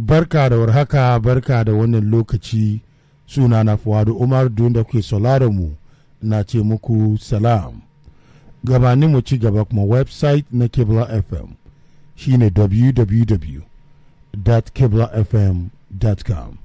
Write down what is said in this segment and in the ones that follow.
Barka da warhaka barka da wannan lokaci suna na Fuadu Umar da ke mu na ce muku salam. Gabanin mu ci gaba kuma website na kebla FM shine www.kiblafm.com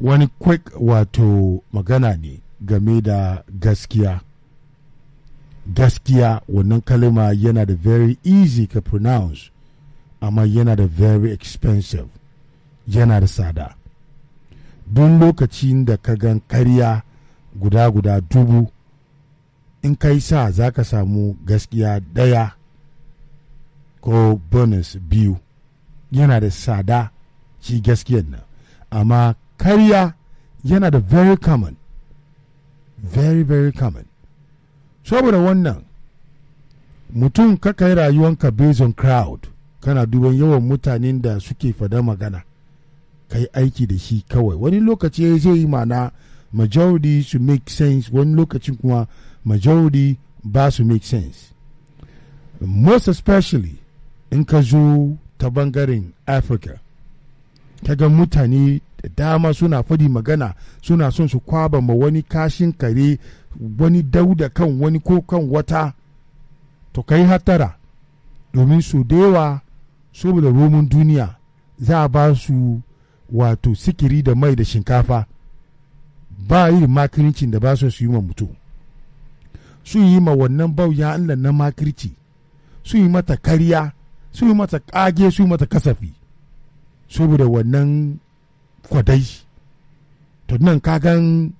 wani quick wato magana ne game da gaskiya. gaskiya wannan kalima yana da very easy ka pronounce amma yana da very expensive yana da tsada duk lokacin da ka gan karya guda-guda dubu in kai sa za ka samu gaskiya daya ko bonus biyu yana da tsada ci gaskiyar nan amma karya yana da very common very very common saboda wannan mutum kakai rayuwanka based on crowd kana duban yawan mutanen da suke fada magana ka aiki da shi kawai wani lokaci zai yi mana majority su make sense wani lokacin kuma majority ba su make sense most especially in ka zo ta bangaren africa kaga mutane da dama suna fadi magana suna son su kwaba ma wani kashin kare wani dauda kan wani ko kan wata to kai hatara domin su dewa saboda roman duniya za a ba su wato sikiri da mai da shinkafa ba irin makircin da ba su su yi ma mutum su yi ma wannan bauya allah na makirci su yi mata karya su yi mata kage su yi mata kasafi saboda wannan kwadai to nan kagan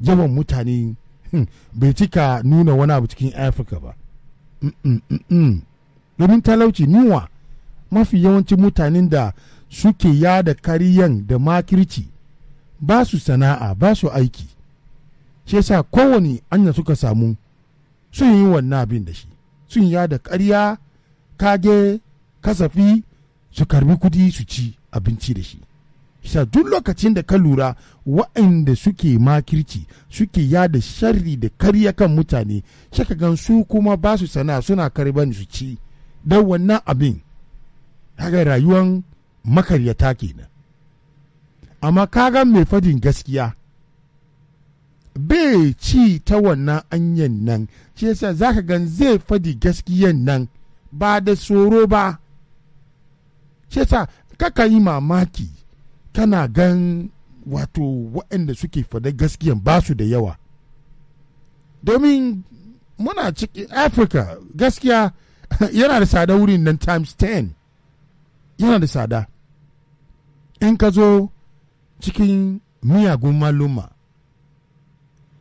yawan mutane hmm, bai cika nuna wani abu cikin afirka ba domin talauci nuwa mafi yawancin mutanen da suke yada kariyan da makirci ba su sana'a ba su aiki shi yasa kowane anya suka samu sun yi wannan abin da shi sun yada kariya kage kasafi su karbi kudi su ci abinci da shi sa duk lokacin da ka lura wa'anda suke makirci suke yada sharri da karya kan mutane shaka gan su kuma ba su sana'a suna karban su ci don wannan abin haka rayuwan makaryata kenan amma kaga mai fadin gaskiya bai ci ta wannan anyan nan shi yasa za ka gan zai fadi gaskiyan nan ba da tsoro ba shi yasa kaka yi mamaki kana gan wato waɗanda suke fada gaskiyan ba su da yawa domin muna cikin afirka gaskiya yana da tsada wurin nan times 10 yana da tsada in ka zo cikin miyagun maluma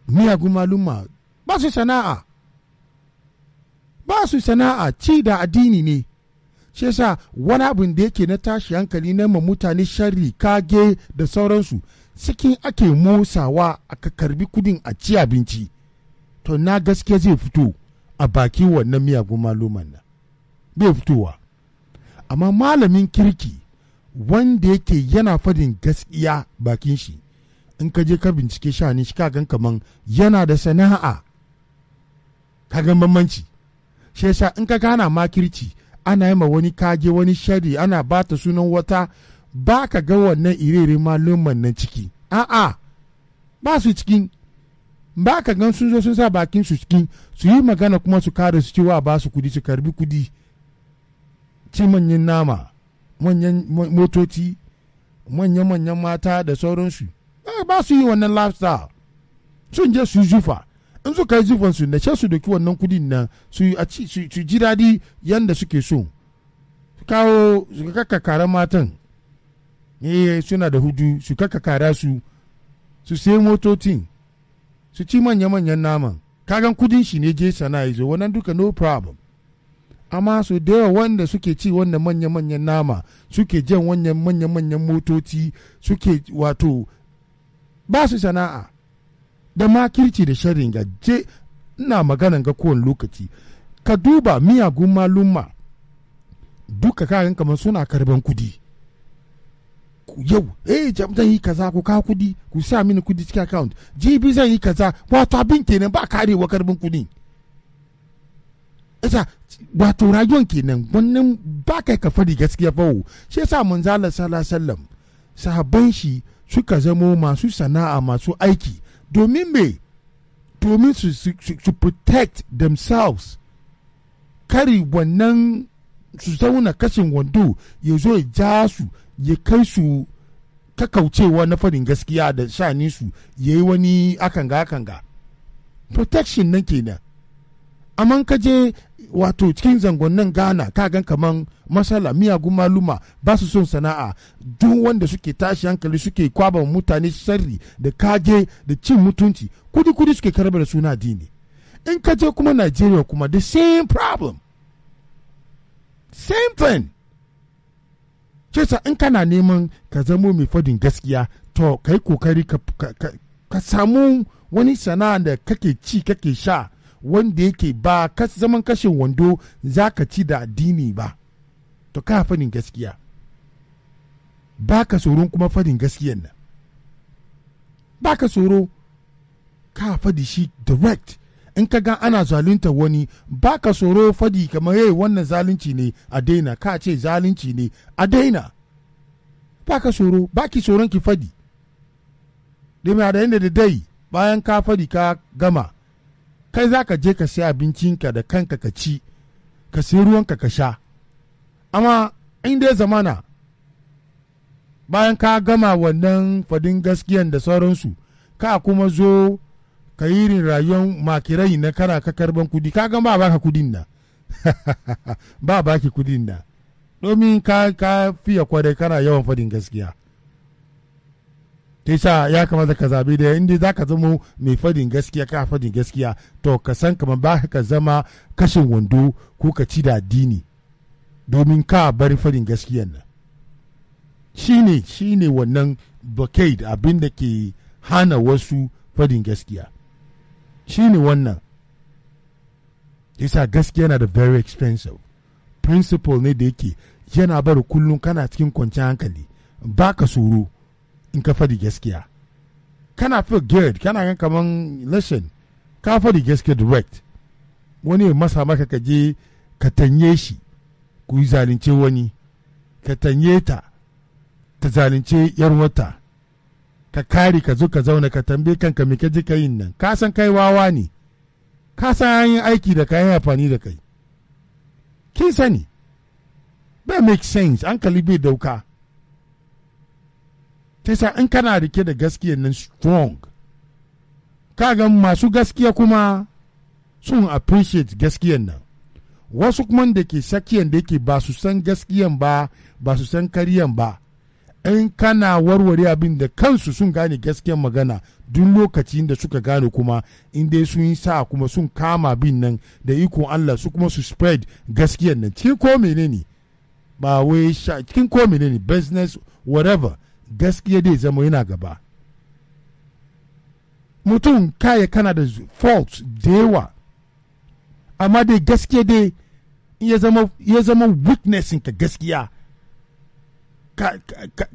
miyagun maluma ba su sana'a ba su sana'a ci da addini ne shi yasa wani abin da yake na tashi hankali na ma mutane shari kage da sauransu cikin ake motsawa aka karbi kudin a ci abinci to na gaskiya zai fito a baki wannan miyagun maluman nan bai fitowa amma malamin kirki wanda yake yana fadin gaskiya bakin shi in ka je ka bincike shani shi ka gan kaman yana da sana'a ka gan bambanci shi yasa in ka gana makirci ana yi ma wani kage wani shari ana ba ta sunan wata ba ka ga wannan irere malumman nan ciki a'a ba su cikin ba ka gan sun zo sun sa bakin su cikin su yi magana kuma su kare su cewa ba su kudi su karbi kudi ci manyan nama manyan motoci manyan manyan mata da sauransu eh, ba su yi wannan lifestyle sun je su zufa in su yi zufan su na su doki wannan kudin na su ji daɗi yadda suke so su kawo su kare matan eh suna da hudu su kare su su sai motocin su ci manya-manyan naman kagan kudin shi ne je sana'a zo wannan duka no problem amma su da yawa wanda suke ci wannan manya-manyan nama suke jan wannan manya-manyan motoci suke wato ba su sana'a da makirci da sharin gaje ina maganan ga kowane lokaci ka duba miyagun malumma duka kayan kamar suna karban kudi yau eh zan yi kaza ku kawo kudi ku sa mini kudi cikin account jibi zan yi kaza wato abin kenan ba karewa karbin kudi yasa wato rayuwan kenan wannan ba kai ka fari gaskiya ba shi yasa manzala sallallahu sallam sahabban shi suka zamo masu sana'a masu aiki domin me domin su, su, protect themselves kari wannan su zauna kashin wando ya zo ya ja su ya kai su kakaucewa na farin gaskiya da shani su ya yi wani akanga akanga protection nan kenan amma ka je wato cikin zangonnin ghana k'a gan kaman masala miyagun maluma ba su son sana'a duk wanda suke tashi hankali suke kwaba mutane sarri da kage da cin mutunci kudi kudi suke karbar da suna dini in ka je kuma nigeria kuma the same problem same thing kisa in kana neman ka zamo mai fadin gaskiya to kokari ka, yi ka, ka samu wani sana'a da kake ci kake sha wanda yake ba kas zaman kashin wando za ka ci da addini ba to ka fadin gaskiya ba ka tsoron kuma fadin gaskiyan nan ba ka tsoro ka fadi shi direct in ka ga ana zalunta wani ba ka tsoro fadi kamar yai wannan zalunci ne a daina ka ce zalunci ne a daina ba ka tsoro ba ki tsoron ki fadi da da yadda da dai bayan ka fadi ka gama kai za ka je ka sai abincinka da kanka ka ci ka sai ruwanka ka sha amma in dai zamana bayan ka gama wannan fadin gaskiyan da sauransu ka kuma zo ka yi irin rayuwar makirai na kara ka karban kudi ka gama ba ka kudin na ba baki kudin na domin ka, fiye kwarai kana yawan fadin gaskiya ta sa ya kamata ka zabi da in za ka zama mai fadin gaskiya ka fadin gaskiya to ka san kamar ba ka zama kashin wando ko ka ci da addini domin ka bari fadin gaskiyan nan shine shine wannan blockade abin da ke hana wasu fadin gaskiya shine wannan yasa gaskiya na da very expensive principle ne da yake yana bar kullum kana cikin kwanciyar hankali ba ka suru in ka faɗi gaskiya kana feel good kana gan kaman listen ka faɗi gaskiya direct wani masa maka ka je ka tanye shi ku yi zalunce wani ka tanye ta ta zalunce yar wata ka kare ka zo ka zauna ka tambaye kanka me ka ji ka yin nan ka san kai wawa ne ka san yin aiki da ka yi amfani da kai kin sani ba make sense an bai dauka ta in kana rike da gaskiya nan strong kaga masu gaskiya kuma sun appreciate gaskiyar nan wasu kuma da ke sakiyan da yake ba su san gaskiyan ba ba su san kariyan ba in kana warware abin da kansu sun gane gaskiyar magana duk lokacin da suka gane kuma in dai sun yi sa kuma sun kama bin nan da ikon Allah su kuma su spread gaskiyar nan cikin ko menene ba wai cikin ko menene business whatever gaskiya dai zama yana gaba mutum kaya kana da fault da yawa amma dai gaskiya dai ya zama weaknessin ka gaskiya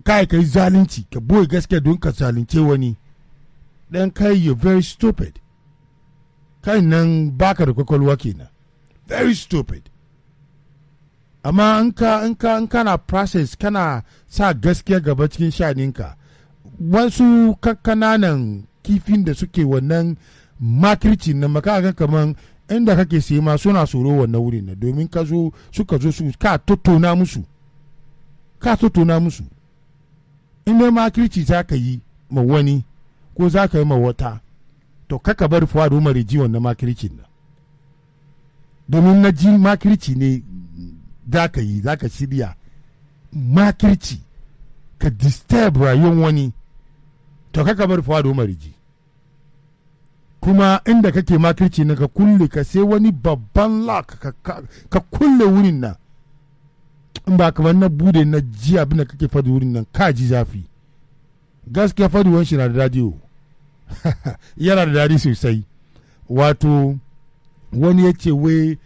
kai ka yi zalunci ka boye gaskiya don ka zalunce wani dan kai you very stupid kai nan baka da kwakwalwa kenan very stupid amma in ka in ka in kana process kana sa gaskiya gaba cikin shaninka wasu kananan kifin da suke wannan makirci na makaga kaman inda kake sai ma suna tsoro wannan wurin na domin ka zo suka zo su ka tattauna musu ka tattauna musu in dai makirci za ka yi ma wani ko za ka yi ma wata to kaka bari fuwa da umar ji wannan makircin na domin na ji makirci ne za ka yi za ka shirya makirci ka disturb rayuwar wani to kaka bar fuwa da ji kuma inda kake makirci na ka kulle ka sai wani babban lak ka kulle wurin na in ba kamar na bude na ji abin kake fadi wurin nan ka ji zafi gaskiya fadi shi na da dadi yana da dadi sosai wato wani ya ce wai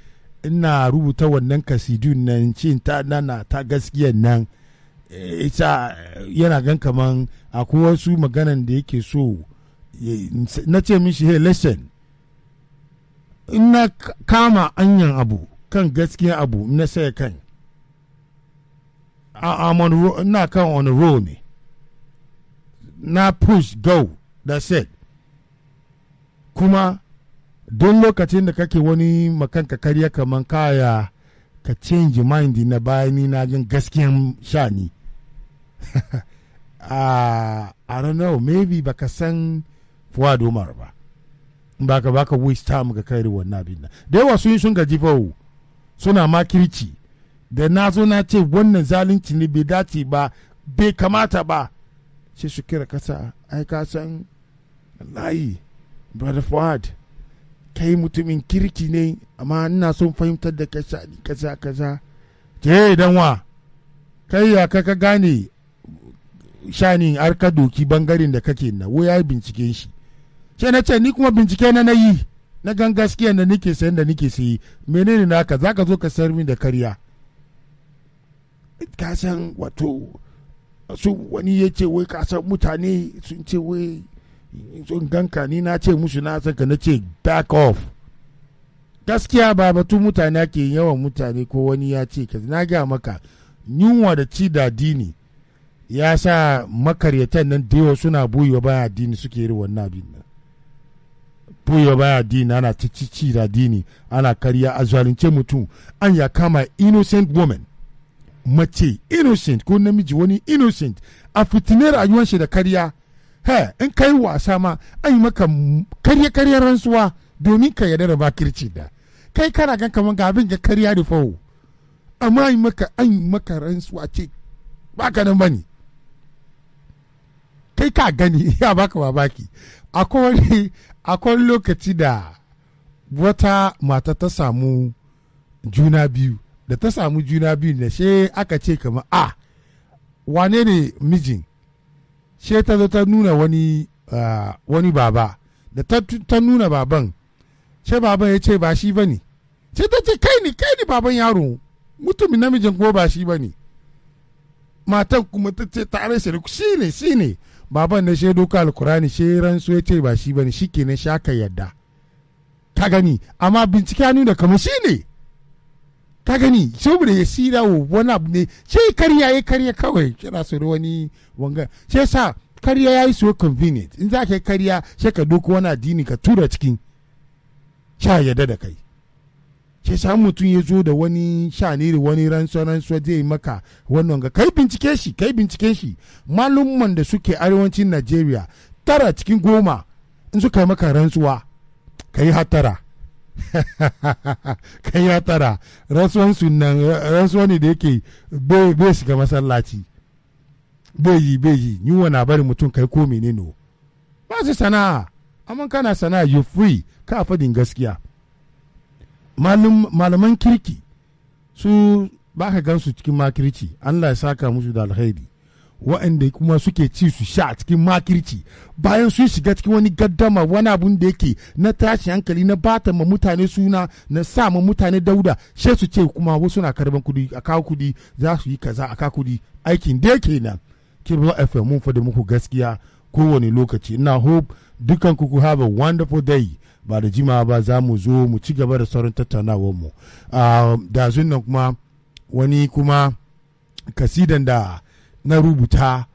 ina rubuta wannan kasidun nan cin ta nana ta gaskiya nan eh, ita yana gan kaman akwai wasu maganan da yake so na ce mishi hey listen ina kama anyan abu kan gaskiya abu na sai kan ina kan on roll ne na push go that's it kuma duk lokacin da kake wani makanka karya kaman kaya ka change mind na bayani na gan gaskiyan shani uh, ah, I don't know maybe baka san Fuad Umar ba baka baka waste time ga kai wannan abin nan da yawa sun sun gaji fa suna makirci da na zo na ce wannan zalunci ne bai dace ba bai kamata ba sai su kira kasa ai ka san wallahi brother Fuad kai mutumin kirki ne amma ina son fahimtar da kasa kaza kaza ke dan wa kai ya ka gane shani har ka doki bangaren da kake na wo ya binciken shi ke na ce ni kuma bincike na nayi na gan gaskiya da nake sayan da nake sayi menene naka zaka zo ka sayar min da karya ka san wato su wani ya ce wai ka san mutane sun ce wai in ganka ni na ce musu na san ka na ce back off gaskiya ba batun mutane ake yawan mutane ko wani ya ce ka na gaya maka yunwa da ci da dini ya sa makaryatan nan da yawa suna buyewa baya dini suke yi wannan abin nan buyewa baya dini ana ta ci da dini ana karya a zalunce mutum an ya kama innocent woman mace innocent ko namiji wani innocent a fitinar rayuwar shi da karya he in kai wasa ma an yi maka karya karya rantsuwa domin ka yarda da bakirci da kai kana gan kamar ga abin ga karya da fawo amma yi maka an yi maka rantsuwa ce ba ka nan bane kai ka gani ya baka baki akwai akwai lokaci da wata mata ta samu juna biyu da ta samu juna biyu da she aka ce kamar a ah, wane ne mijin she ta zo ta nuna wani uh, wani baba da ta, ta nuna baban she baban ya ce ba shi ba ne sai ta ce kai ni kai ni baban yaro mutumin namijin ko ba shi ba ne matan kuma ta ce tare shi shi ne shi ne baban da shi doka alkurani ran ransu ya ce ba shi ba ne shi kenan shaka yadda ka gani amma bincike nuna kamar shi ne ka gani saboda ya sira wani abu ne sai karya ya karya kawai kira su wani wanga sai sa karya ya yi so convenient in za ka yi karya sai ka doko wani addini ka tura cikin sha yadda da kai sai sa mutum ya zo da wani sha ne da wani ransuwa ransuwa zai maka wannan ga kai bincike shi kai bincike shi malumman da suke arewacin najeriya tara cikin goma in suka maka rantsuwa ka yi hatara kai ya tara rasuwan sunan rasuwan ne da yake bai shiga masallaci bai yi bai yi yi na bari mutum kai ko no. ba su sana'a amma kana sana'a you free ka fadin gaskiya malaman kirki su ba ka gansu cikin makirci allah ya saka musu da alkhairi waɗanda kuma suke ci su sha a cikin makirci bayan sun shiga cikin wani gaddama wani abun da yake na tashi hankali na bata ma mutane suna na sa ma mutane dauda she su ce kuma wasu na karban kudi a kawo kudi za su yi kaza a kawo kudi aikin da yake nan kirba fm mun fada muku gaskiya kowane lokaci ina hope dukan ku have a wonderful day ba da jima ba za mu zo mu ci gaba da sauran tattaunawar mu ah, da nan kuma wani kuma kasidan da na rubuta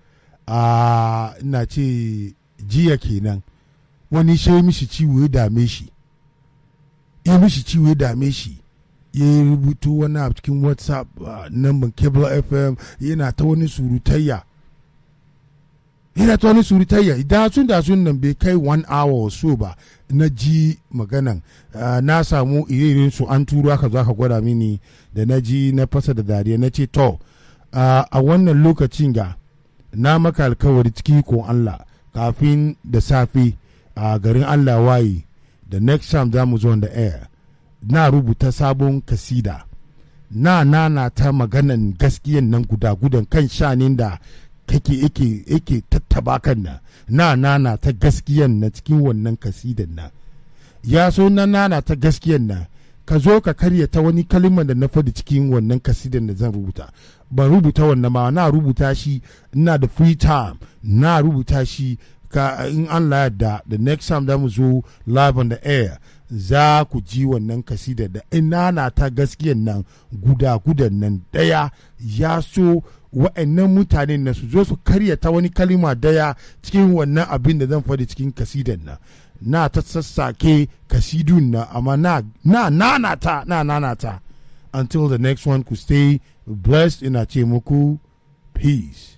a ina ce jiya kenan wani shi mishi ciwo ya dame shi ya mishi ciwo ya dame shi ya yi rubutu wani a cikin whatsapp namban kebla fm yana ta wani surutayya yana ta wani surutayya da sun da sun nan bai kai one hour so ba na ji maganan na samu ire su an turu aka zaka gwada mini da na ji na fasa da dariya na ce to a wannan lokacin ga na maka alkawari ciki ko Allah kafin da safe a garin Allah waye da next time za mu zo da air na rubuta sabon kasida na nana ta maganan gaskiyan nan guda gudan kan shanin da kake yake yake tattaba kan na na nana ta gaskiyan na cikin wannan kasidan na ya so na nana ta gaskiyan na. ka zo ka karya ta wani kalimar da na faɗi cikin wannan kasidan da zan rubuta ban rubuta wannan ma na rubuta shi ina da free time na rubuta shi ka in an da the next time da mu zo live on the air za ku ji wannan kasida da ina na ta gaskiya nan guda gudan nan daya ya so wa'annan mutane na su zo su karya ta wani kalima daya cikin wannan abin da zan faɗi cikin kasidan nan na ta sassake kasidun na amma na na nanata na ta until the next one ku stay blessed ina ce muku peace